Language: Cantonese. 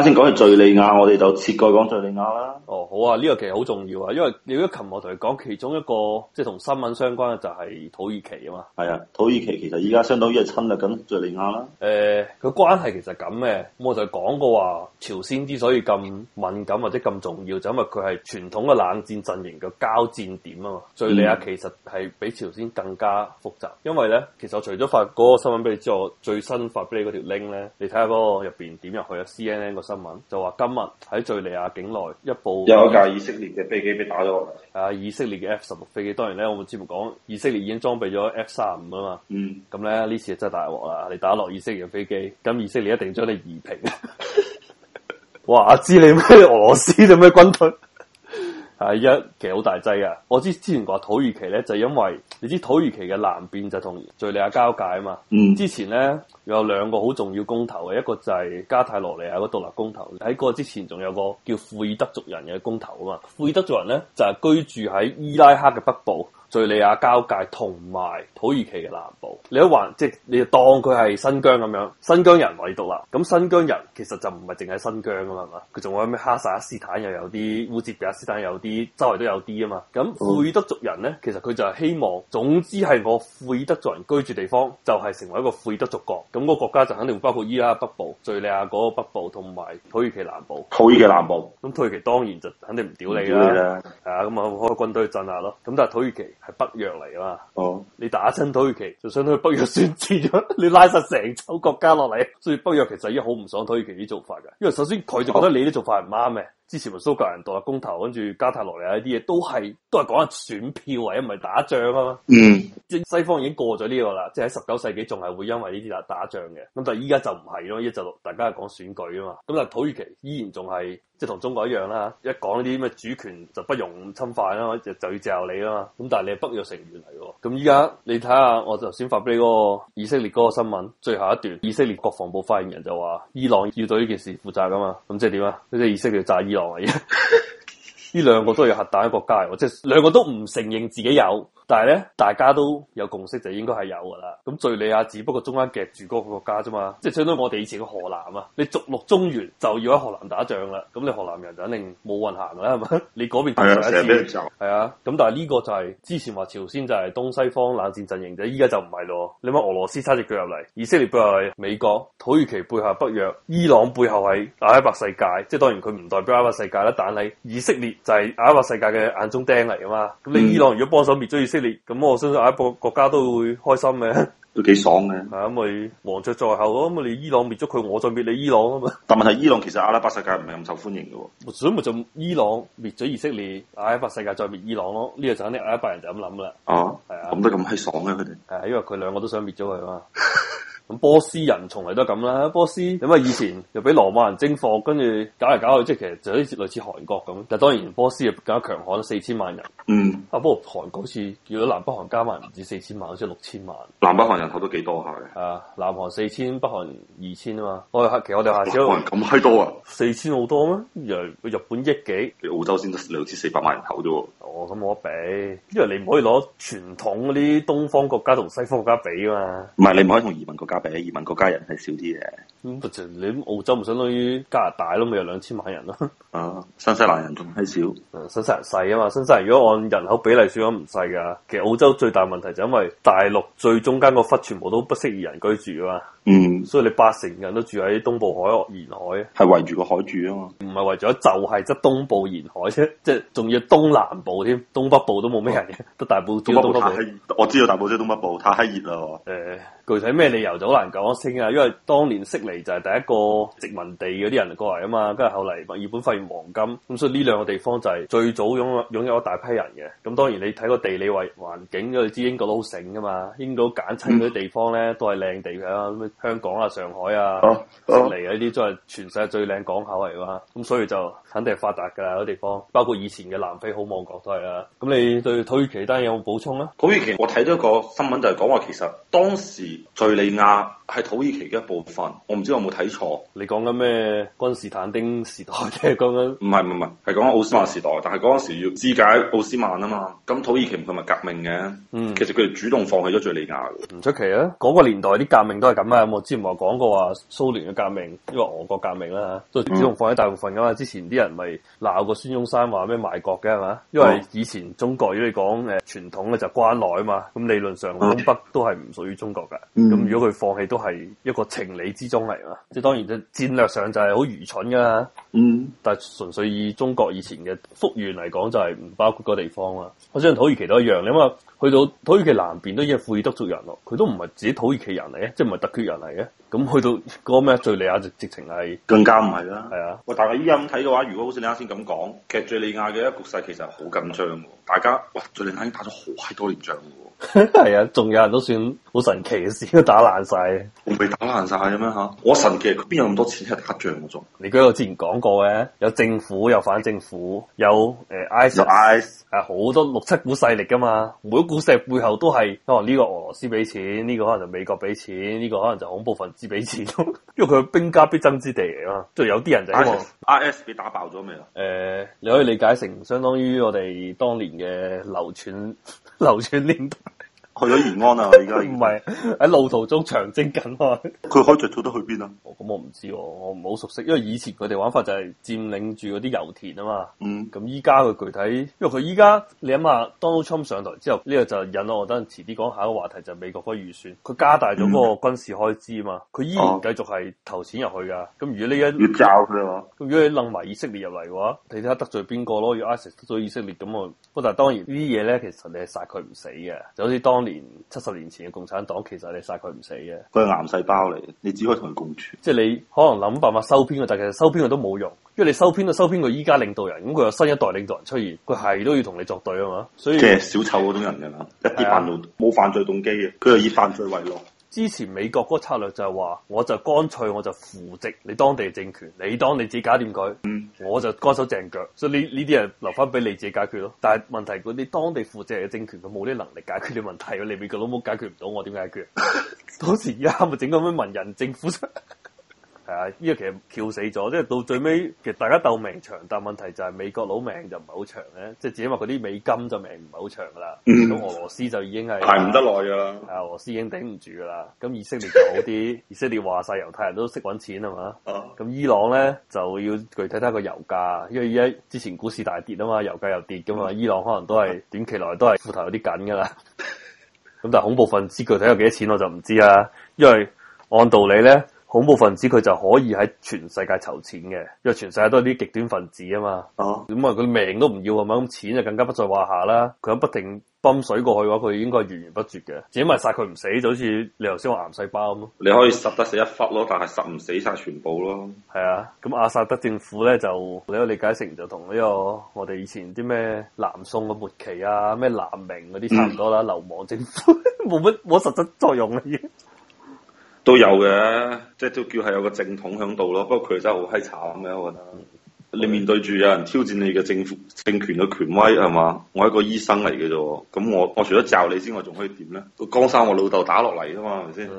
啱先講係敘利亞，我哋就切過講敘利亞啦。哦，好啊，呢、這個其實好重要啊，因為你，如果琴日我同你講其中一個，即係同新聞相關嘅就係土耳其啊嘛。係啊，土耳其其實依家相當於係侵略緊敘利亞啦。誒、啊，個、呃、關係其實咁嘅，咁我就講過話朝鮮之所以咁敏感或者咁重要，就是、因為佢係傳統嘅冷戰陣營嘅交戰點啊嘛。敘利亞其實係比朝鮮更加複雜，因為咧，其實我除咗發嗰個新聞俾你之外，最新發俾你嗰條 link 咧，你睇下嗰個入邊點入去啊？CNN 個新聞就話今日喺敘利亞境內一部。有一架以色列嘅飛機俾打咗落嚟，啊！以色列嘅 F 十六飛機，當然咧，我哋節目講以色列已經裝備咗 F 三五啊嘛，咁咧、嗯、呢次真係大鑊啦！你打落以色列嘅飛機，咁以色列一定將你移平。 哇！知你咩俄羅斯定咩軍隊？係一，其實好大劑啊！我之之前話土耳其咧，就係、因為你知土耳其嘅南邊就同敍利亞交界啊嘛。之前咧有兩個好重要公投嘅，一個就係加泰羅尼亞嗰獨立公投，喺嗰之前仲有個叫庫爾德族人嘅公投啊嘛。庫爾德族人咧就係、係、居住喺伊拉克嘅北部。敍利亞交界同埋土耳其嘅南部，你一環即係你就當佢係新疆咁樣，新疆人偉獨啦。咁新疆人其實就唔係淨係新疆啊嘛，佢仲有咩哈薩克斯坦又有啲，烏茲別斯坦又有啲，周圍都有啲啊嘛。咁庫爾德族人咧，其實佢就係希望，總之係我庫爾德族人居住地方就係、是、成為一個庫爾德族國。咁、那個國家就肯定會包括伊拉克北部、敍利亞嗰個北部同埋土耳其南部。土耳其南部，咁土耳其當然就肯定唔屌你啦，係啊，咁啊開軍隊鎮下咯。咁但係土耳其。係北約嚟啊嘛，oh. 你打親土耳其，就相當於北約宣戰咗，你拉晒成洲國家落嚟，所以北約其實已好唔爽土耳其啲做法嘅，因為首先佢就覺得你啲做法唔啱嘅。Oh. 之前咪蘇格蘭獨立公投，跟住加泰羅尼亞呢啲嘢都係都係講緊選票或者唔係打仗啊嘛。嗯，即西方已經過咗呢個啦，即喺十九世紀仲係會因為呢啲打打仗嘅，咁但係依家就唔係咯，依家就大家係講選舉啊嘛。咁但係土耳其依然仲係即同中國一樣啦，一講呢啲咩主權就不容侵犯啦，就就要接你啊嘛。咁但係你係北約成員嚟，咁依家你睇下，我頭先發俾你個以色列嗰個新聞最後一段，以色列國防部發言人就話：伊朗要對呢件事負責噶嘛。咁即點啊？即以色列炸伊朗。呢 兩個都係核彈國家嚟喎，即係兩個都唔承認自己有。但係咧，大家都有共識，就應該係有噶啦。咁敍利亞只不過中間夾住嗰個國家啫嘛，即係相當於我哋以前嘅河南啊。你逐鹿中原就要喺河南打仗啦，咁你河南人就肯定冇運行啦，係咪？你嗰邊係啊，成日俾人走。係啊，咁但係呢個就係、是、之前話朝鮮就係東西方冷戰陣營啫，依家就唔係咯。你諗俄羅斯插隻腳入嚟，以色列背後係美國，土耳其背後係北約，伊朗背後係阿拉伯世界，即係當然佢唔代表阿拉伯世界啦。但係以色列就係阿拉伯世界嘅眼中釘嚟噶嘛。咁你伊朗如果幫手滅咗以色列，咁我相信阿拉伯國家都會開心嘅，都幾爽嘅。係、啊、因為黃雀在後，咁你伊朗滅咗佢，我再滅你伊朗啊嘛。但問題伊朗其實阿拉伯世界唔係咁受歡迎嘅、哦。所以咪就伊朗滅咗以色列，阿拉伯世界再滅伊朗咯。呢、這個就肯定阿拉伯人就咁諗啦。哦，係啊，咁都咁閪爽嘅佢哋。係、啊、因為佢兩個都想滅咗佢啊嘛。 咁波斯人從嚟都係咁啦，波斯因為以前又俾羅馬人征服，跟住搞嚟搞去，即係其實就好似類似韓國咁。但係當然波斯又更加強悍，四千萬人。嗯，啊不過韓國好似叫咗南北韓加埋唔止四千萬，好似六千萬。南北韓人口都幾多下啊，南韓四千，北韓二千啊嘛。我、哎、下期我哋下次。北韓咁閪多啊？四千好多咩？日佢日本億幾？澳洲先得兩千四百萬人口啫喎。哦，咁冇得比，因為你唔可以攞傳統嗰啲東方國家同西方國家比啊嘛。唔係，你唔可以同移民國家。嘅移民國家人係少啲嘅。咁你澳洲唔相當於加拿大咯，咪有兩千萬人咯？啊，新西蘭人仲係少。啊，新西蘭細啊嘛，新西蘭如果按人口比例算咁唔細㗎。其實澳洲最大問題就因為大陸最中間個窟全部都不適宜人居住啊嘛。嗯。所以你八成人都住喺東部海沿海，係圍住個海住啊嘛。唔係圍住，就係即係東部沿海啫，即係仲要東南部添，東北部都冇咩人嘅，得、嗯、大堡東北部我知道大部即係東北部，太閪熱啦。誒、呃，具體咩理由就好難講清啊，因為當年適就係第一個殖民地嗰啲人過嚟啊嘛，跟住後嚟墨爾本發現黃金，咁所以呢兩個地方就係最早擁擁有，擁有一大批人嘅。咁當然你睇個地理環環境，你知英國都好醒噶嘛，英國揀親嗰啲地方咧都係靚地嚟啦，咩香港啊、上海啊、悉尼啊呢啲，啊、都係全世界最靚港口嚟噶嘛。咁所以就肯定係發達噶啦啲地方，包括以前嘅南非好望角都係啊。咁你對土耳其單嘢有冇補充咧？土耳其我睇到一個新聞就係講話，其實當時敘利亞係土耳其嘅一部分。唔知有冇睇錯？你講緊咩？君士坦丁時代即係講緊，唔係唔係，係講緊奧斯曼時代。但係嗰陣時要肢解奧斯曼啊嘛。咁土耳其佢咪革命嘅？嗯，其實佢哋主動放棄咗敘利亞。唔出奇啊！嗰、嗰個年代啲革命都係咁啊。我之前話講過話蘇聯嘅革命，因為俄國革命啦吓，都主動放棄大部分噶嘛。嗯、之前啲人咪鬧過孫中山話咩賣國嘅係嘛？因為以前中國如果你講誒傳統咧就關內啊嘛，咁理論上東北都係唔屬於中國嘅。咁、嗯嗯、如果佢放棄都係一個情理之中。係啊，即係當然，即係戰略上就係好愚蠢噶啦。嗯，但係純粹以中國以前嘅幅員嚟講，就係唔包括嗰個地方啦。我相信土耳其都一樣，你因去到土耳其南邊都依家庫爾德族人咯，佢都唔係自己土耳其人嚟嘅，即係唔係突厥人嚟嘅。咁去到個咩敍利亞就直情係更加唔係啦。係啊，喂，大家依家咁睇嘅話，如果好似你啱先咁講，其實敍利亞嘅一局勢其實好緊張。大家，哇，敍利亞已經打咗好閪多年仗嘅喎。係 啊，仲有人都算好神奇嘅事，都打爛晒。唔被打爛晒咁樣嚇？我神奇佢邊有咁多錢去打仗嘅啫？ 你記得我之前講過嘅，有政府，有反政府，有誒 ISIS，係好多六七股勢力噶嘛，每。古石背後都係可能呢個俄羅斯俾錢，呢個可能就美國俾錢，呢個可能就恐怖分子俾錢，因為佢係兵家必爭之地嚟啊嘛，所以有啲人就希望 R.S. 俾打爆咗未啊？誒、呃，你可以理解成相當於我哋當年嘅流傳流傳年代。」去咗延安啊！而家唔係喺路途中長征緊啊。佢可以做到去邊啊？我咁我唔知，我唔好熟悉。因為以前佢哋玩法就係佔領住嗰啲油田啊嘛。咁依家佢具體，因為佢依家你諗下，Donald Trump 上台之後，呢個就引我等遲啲講下個話題，就係美國嗰個預算，佢加大咗個軍事開支啊嘛。佢依然繼續係投錢入去噶。咁如果呢一要罩佢，咁如果你冧埋以色列入嚟嘅話，你睇下得罪邊個咯？要果 IS ISIS 得罪以色列咁啊，嗱當然呢啲嘢咧，其實你係殺佢唔死嘅，就好似當年。七十年前嘅共產黨，其實你殺佢唔死嘅，佢係癌細胞嚟嘅，你只可以同佢共存。即係你可能諗辦法收編佢，但其實收編佢都冇用，因為你收編啊收編佢依家領導人，咁佢又新一代領導人出現，佢係都要同你作對啊嘛，所以即係小丑嗰種人㗎喇，一啲犯冇犯罪動機嘅，佢又以犯罪為樂。之前美國嗰個策略就係話，我就乾脆我就扶植你當地嘅政權，你當你自己搞掂佢，我就乾手淨腳。所以呢呢啲人留翻俾你自己解決咯。但係問題係嗰啲當地扶植嘅政權佢冇啲能力解決啲問題，你美國老母解決唔到，我點解決？當 時而家咪整個咩文人政府。係啊，呢個其實翹死咗，即係到最尾，其實大家鬥命長，但問題就係美國佬命就唔係好長咧，即係只因為佢啲美金就命唔係好長㗎啦。咁、嗯、俄羅斯就已經係捱唔得耐噶啦，俄羅斯已經頂唔住噶啦。咁以色列就好啲， 以色列話晒猶太人都識搵錢係嘛。咁、啊、伊朗咧就要具體睇個油價，因為依家之前股市大跌啊嘛，油價又跌噶嘛，嗯、伊朗可能都係短期內都係褲頭有啲緊噶啦。咁 但係恐怖分子具體有幾多錢我就唔知啦，因為按道理咧。恐怖分子佢就可以喺全世界籌錢嘅，因為全世界都係啲極端分子啊嘛。咁啊，佢命都唔要啊嘛，咁錢就更加不在話下啦。佢咁不停泵水過去嘅話，佢應該係源源不絕嘅。只咪殺佢唔死，就好似你頭先話癌細胞咁咯。你可以殺得死一忽咯， 但係殺唔死晒全部咯。係啊，咁阿薩德政府咧就，你有理解成就同呢、這個我哋以前啲咩南宋嘅末期啊，咩南明嗰啲差唔多啦，嗯、流亡政府，冇乜冇實質作用啦已經。都有嘅，即係都叫係有個正統響度咯。不過佢真係好閪慘嘅，我覺得。你面對住有人挑戰你嘅政府政權嘅權威，係嘛？我係一個醫生嚟嘅啫，咁我我除咗罩你之外，仲可以點咧？都江山，我老豆打落嚟啊嘛，係咪先？